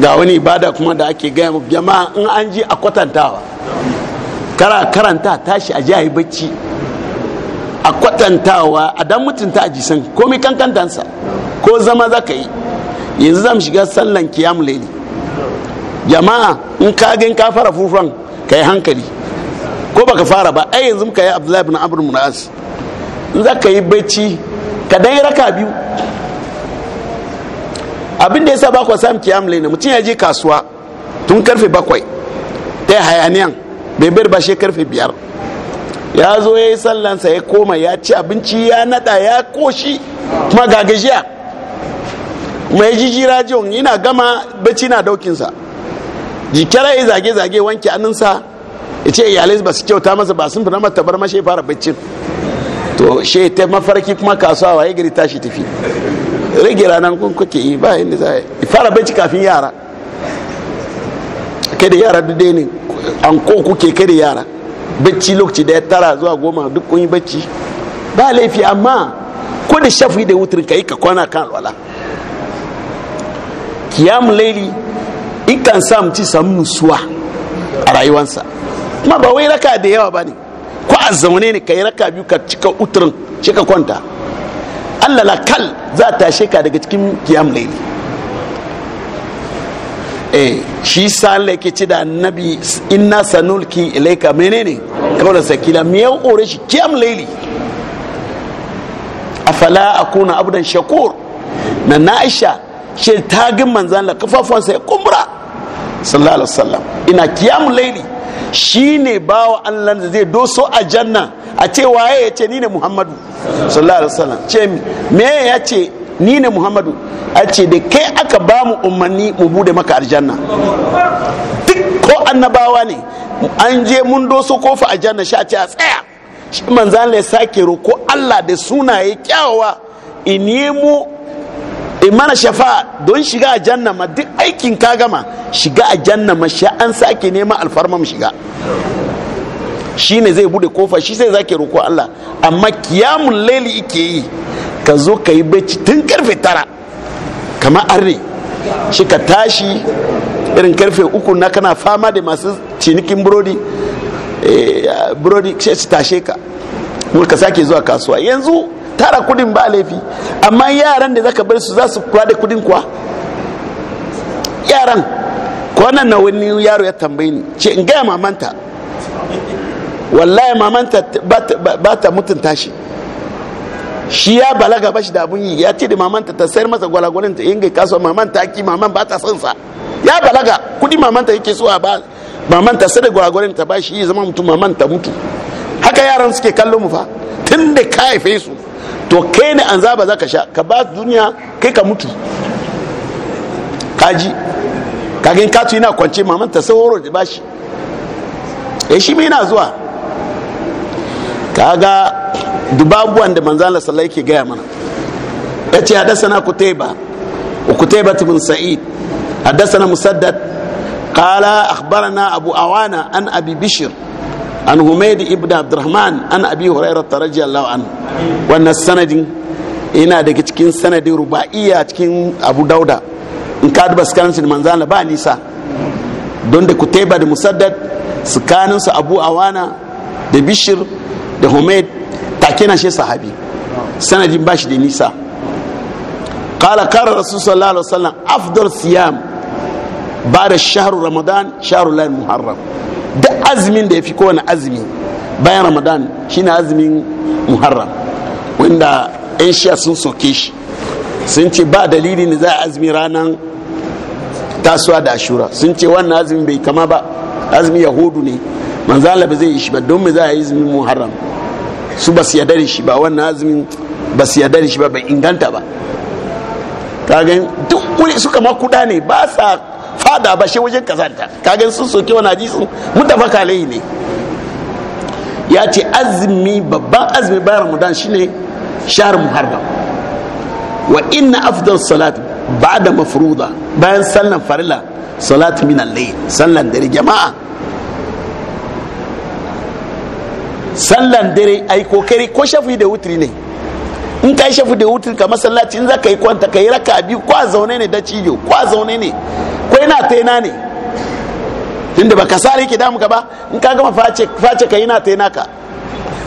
ga wani ibada kuma da ake gaya mu jama'a in an ji a kwatantawa kara karanta tashi a jiya bacci a kwatantawa a dan mutunta a jisan komai kankantansa ko zama za ka yi yanzu zamu shiga sallan kiyam laili jama'a in ka ga ka fara fufan ka yi hankali ko baka fara ba ai yanzu ka yi abdullahi bin abdul bin in za ka yi bacci ka dan yi raka biyu abin da yasa ba ku samu kiyam laina mutum ya je kasuwa tun karfe bakwai ta hayaniyan bai bar ba shi karfe biyar ya zo ya yi sallansa ya koma ya ci abinci ya nada ya koshi kuma gagajiya mai jijira jiyon yana gama bacci na daukinsa jikira ya zage-zage wanke annunsa ya ce iyalai ba su kyauta masa ba sun fina mata bar mashi fara baccin to she ta mafarki kuma kasuwa waye gari tashi tafi rage ranar kun kuke yi ba inda za a fara bacci kafin yara kai da yara da an ko kuke kai da yara bacci lokaci da tara zuwa goma duk kun yi bacci ba laifi amma ko da shafi da wutar ka yi ka kwana kan alwala kiyamu laili ikan sa mutum samu musuwa a rayuwansa kuma ba wai raka da yawa ba ne ko a zaune ne ka yi raka biyu ka cika uturin shi ka kwanta allah la kal za ta sheka daga cikin kiyam laili eh shi sa laike ci da annabi inna sanulki ilaika menene kawai sakila me ya kore shi kiyam laili afala akuna abdan shakur na na'isha aisha ta tagin manzan la kafafuwansa ya kumbura sallallahu alaihi wasallam ina kiyamul laili shine bawa Allah da zai doso a janna a ce waye ya ce ni ne Muhammadu sallallahu alaihi ce me ya ce ni ne Muhammadu a ce da kai aka ba mu umarni mu bude maka aljanna duk ko annabawa ne an je mun doso kofa a janna sha ce a tsaya shi manzan ya sake roko Allah da sunaye kyawawa in mu in mana shafa don shiga janna ma duk aikin ka gama shiga janna ma sha an sake nema alfarma mu shiga shi ne zai bude kofa shi sai zaki roko Allah amma kiyamun laili ike yi ka zo ka yi bacci tun karfe tara kamar arne shi ka tashi irin karfe uku na kana fama da masu cinikin burodi eh, burodi sai su tashe ka ka sake zuwa kasuwa yanzu tara kudin ba laifi amma yaran da zaka bar su za su kula da kudin kuwa yaran nan na wani yaro ya tambayi ni ce in gaya mamanta wallahi mamanta ba ta mutunta shi shi ya balaga ba shi da abun yi ya ce da mamanta ta sayar masa gwalagwalin ta inga kasuwa mamanta ki maman ba ta son sa ya balaga kudi mamanta yake so a ba mamanta sai da gwalagwalin ta ba shi zama mutum mamanta mutu haka yaran suke kallon mu fa tun da ka haife su to kai ne an zaba za ka sha ka ba duniya kai ka mutu kaji kagin katu yana kwance maman ta sauro da bashi ya shi eh, mai na zuwa kaga dubabuwan da manzan Allah yake gaya mana Ya yace hadathana kutayba wa kutayba bin sa'id na musaddad kala akhbarana abu awana an abi bishir. an humaid ibn abdurrahman an abi hurairah radiyallahu an wannan sanadin ina daga cikin sanadin rubaiya cikin abu dauda in ka duba sakanin manzana ba nisa don da kutaiba da musaddad kanin su abu awana da bishir da humaid ta na shi sahabi sanadin bashi da nisa قال قال الرسول صلى الله عليه وسلم أفضل صيام بعد الشهر رمضان شهر الله المحرم duk azumin da ya fi kowane azumi bayan ramadan shine azumin muharram wanda 'yan shiya sun soke shi sun ce ba dalili ne za a azumi ranar tasuwa da ashura sun ce wannan azumin bai kama ba azumin yahudu ne manzala ba zai yi shi ba don me za a yi azumin muharram su ba su yarda da shi ba wannan azumin ba su yarda da shi ba bai inganta ba gani duk wuri suka ma kuda ne ba sa fada ba shi wajen kazanta kagan sun soke wani hadisin mutafaka alaihi ne ya ce azumi babban azumi bayan ramadan shine shahar muharram wa inna afdal salat ba'da mafruda bayan sallan farila salat min al-layl sallan dare jama'a sallan dare ai kokari ko shafi da wutri ne in ka shafi da wutri ka masallaci in za ka yi kwanta ka yi raka biyu ko a zaune ne da cijo ko a zaune ne kwai na ta ne inda ba kasala yake damu ka ba in ka gama face ka yana na ka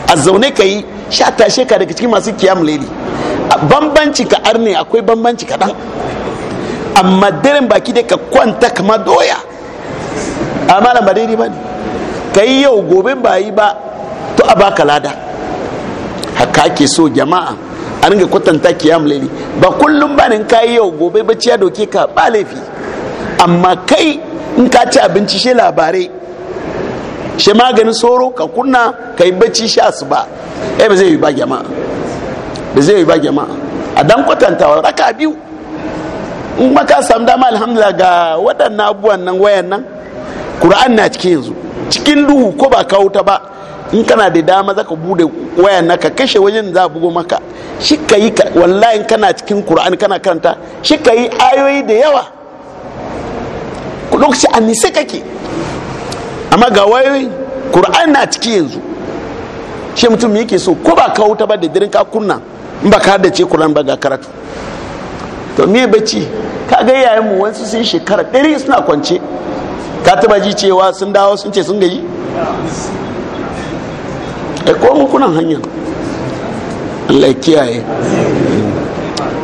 a zaune ka yi sha tashe ka daga cikin masu kiyam lady bambanci ka arne akwai bambanci kaɗan amma daren baki dai ka kwanta kama doya amma ba daidai ba ne ka yi yau gobe ba yi ba to a baka lada haka ake so jama'a a ringa kwatanta kiyam lady ba kullum ba ne ka yi yau gobe ba ciya doke ka ba laifi amma kai in ka ci abinci shi labarai shi maganin tsoro ka kunna ka yi bacci shi asuba eh ba zai yi ba jama'a ba zai yi ba jama'a a dan kwatantawa raka biyu in maka samu dama alhamdulillah ga waɗannan abubuwan nan wayan nan Qur'an na cikin yanzu cikin duhu ko ba kawo ta ba in kana da dama zaka bude wayan naka kashe wajen za bugo maka shi ka yi wallahi kana cikin kur'an kana karanta shi ka yi ayoyi da yawa lokaci a nise kake amma ga wayoyi kur'an na ciki yanzu shi mutum yake so ko ba ka wuta ba da dirin ka in ba ka haddace kur'an ba ga karatu to me bacci ka ga yayan mu wasu sun shekara ɗari suna kwance ka taba ji cewa sun dawo sun ce sun gaji ai eh, ko mu kunan hanyar Allah kiyaye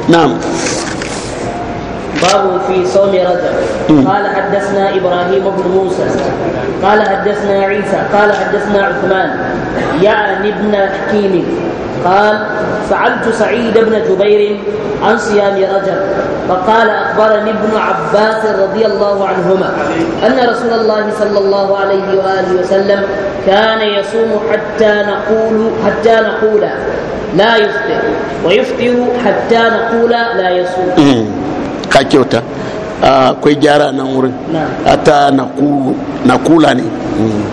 na'am باب في صوم رجب قال حدثنا ابراهيم بن موسى قال حدثنا عيسى قال حدثنا عثمان يعني ابن حكيم قال سألت سعيد بن جبير عن صيام رجب فقال أخبرني ابن عباس رضي الله عنهما أن رسول الله صلى الله عليه وآله وسلم كان يصوم حتى نقول حتى نقول لا يفطر ويفطر حتى نقول لا يصوم ka kyauta akwai gyara nan wurin a ta na kula ne mm.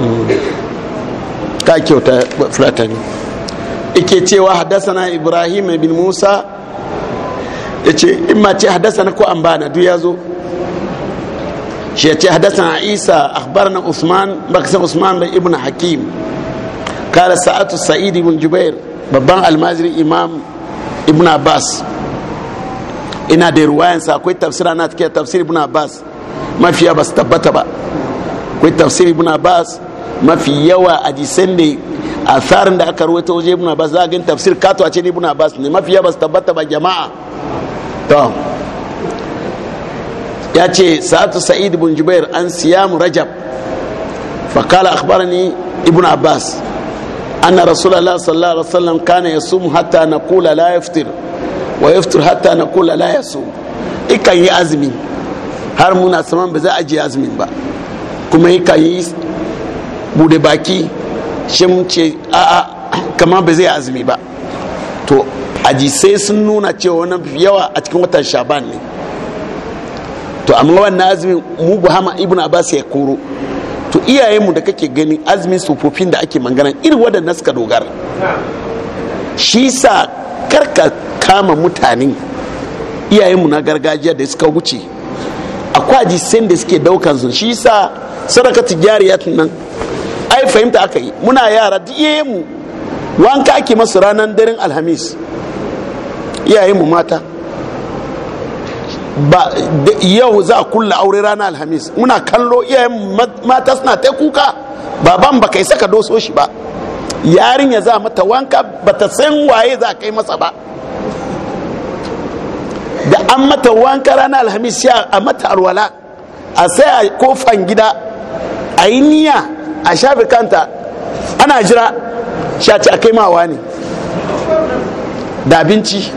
Mm. ka kyauta fulatani ike cewa haddasana ibrahim bin musa ya ce in ma ce na ko an ba na duk ya zo shi ya ce na isa na usman baksan usman da ibn hakim kala sa'atu sa'id ibn jubair babban almajirin imam ibn abbas ina da ruwayansa akwai tafsir na cikin tafsir ibn abbas mafiya ba su tabbata ba akwai tafsir ibn abbas mafi yawa a jisan da a tsarin da aka ruwaita waje ibn abbas za a gani tafsir kato a ce ibn abbas ne mafiya ba su tabbata ba jama'a to ya ce sa'atu sa'id ibn jubair an siyamu rajab fa kala akhbarani ibn abbas anna rasulullah sallallahu alaihi wasallam kana yasum hatta naqula la yaftir wa yaftur hatta na kula la ya so ikan yi azumi har muna saman ba za a je azumin ba kuma ikan yi bude baki shi ce a'a kama ba zai azumi ba to ajisai sun nuna cewa wani yawa a cikin watan shaban ne to amma wannan azumin mu buhama ibn abbas ya koro to iyayenmu da kake gani azumin tsofaffin da ake magana irin wadannan suka dogara shi sa karka kama mutane iyayenmu na gargajiya da suka wuce kwaji sen da suke daukan sun shi sa sadaka tijariyat nan ai fahimta aka yi muna yara duk mu wanka ake masu ranar daren alhamis iyayenmu mata ba yau za a kulla aure ranar alhamis muna kallo iyayen mata suna ta kuka baban ba kai saka doso shi ba yarinya za mata wanka ba ta san waye za kai masa ba da an mata wanka ranar alhamis sha a mata arwala a sai a kofan gida a yi niyya a shafe kanta ana jira sha ci a kai mawa ne da abinci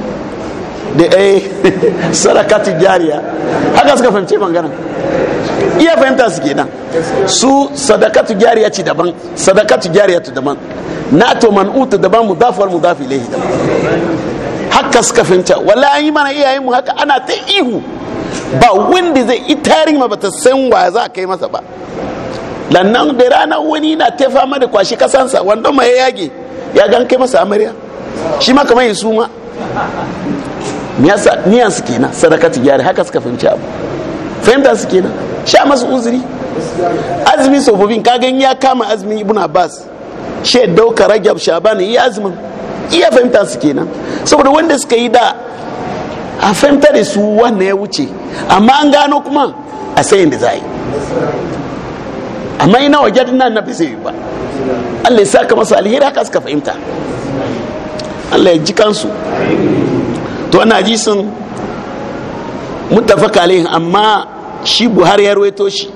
da eh *laughs* sadakatu jariya haka suka fahimce maganar iya fahimta su nan su sadakatu jariya ci daban sadakatu jariya ta daban nato man'uta daban mu dafi lehi daban haka suka fahimta yi mana iyayenmu mu haka ana ta ihu ba wanda zai yi tarin ma bata san wa za kai masa ba lannan da rana wani na ta fama da kwashi kasansa wanda ma ya yage ya gan kai masa amarya shi ma kamar su ma niyan su kenan sadakati gyara haka suka fahimci abu fahimta su kenan sha masu uzuri azumi sofofin kagan ya kama azumi ibn abbas shi dauka rajab shaban yi azumin iya fahimta su kenan saboda wanda suka yi da a fahimta da su wannan ya wuce amma an gano kuma a sayin da za yi amma ina wajen nan na fi ba allah ya saka masu alheri haka suka fahimta allah ya ji kansu to ana ji sun mutafaka amma shi buhari ya ruwaito shi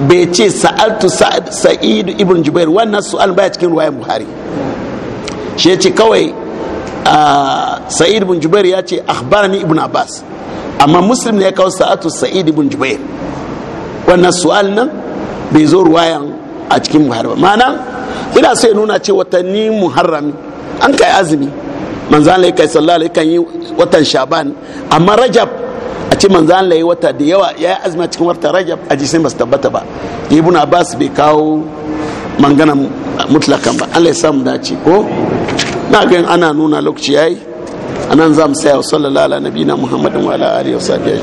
bai ce sa'altu sa'idu ibn jubair wannan su'al baya cikin ruwayan buhari shi ce kawai sa'id ibn jubair ya ce akhbarani ibn abbas amma muslim ne ya kawo sa'atu sa'id ibn jubair wannan su'al nan bai zo ruwayan a cikin muharram ma'ana ina ya nuna ce watanni muharrami an kai azumi manzan lai kai sallallahu alaihi kan yi watan shaban amma rajab a ce Allah lai wata da yawa ya yi azumi a cikin wata rajab a jisai ba su tabbata ba ibn abbas bai kawo mangana mutlakan ba allah ya samu dace ko na ga ana nuna lokaci yayi anan za mu saya wa sallam nabina muhammadin wa ala alihi wa sahbihi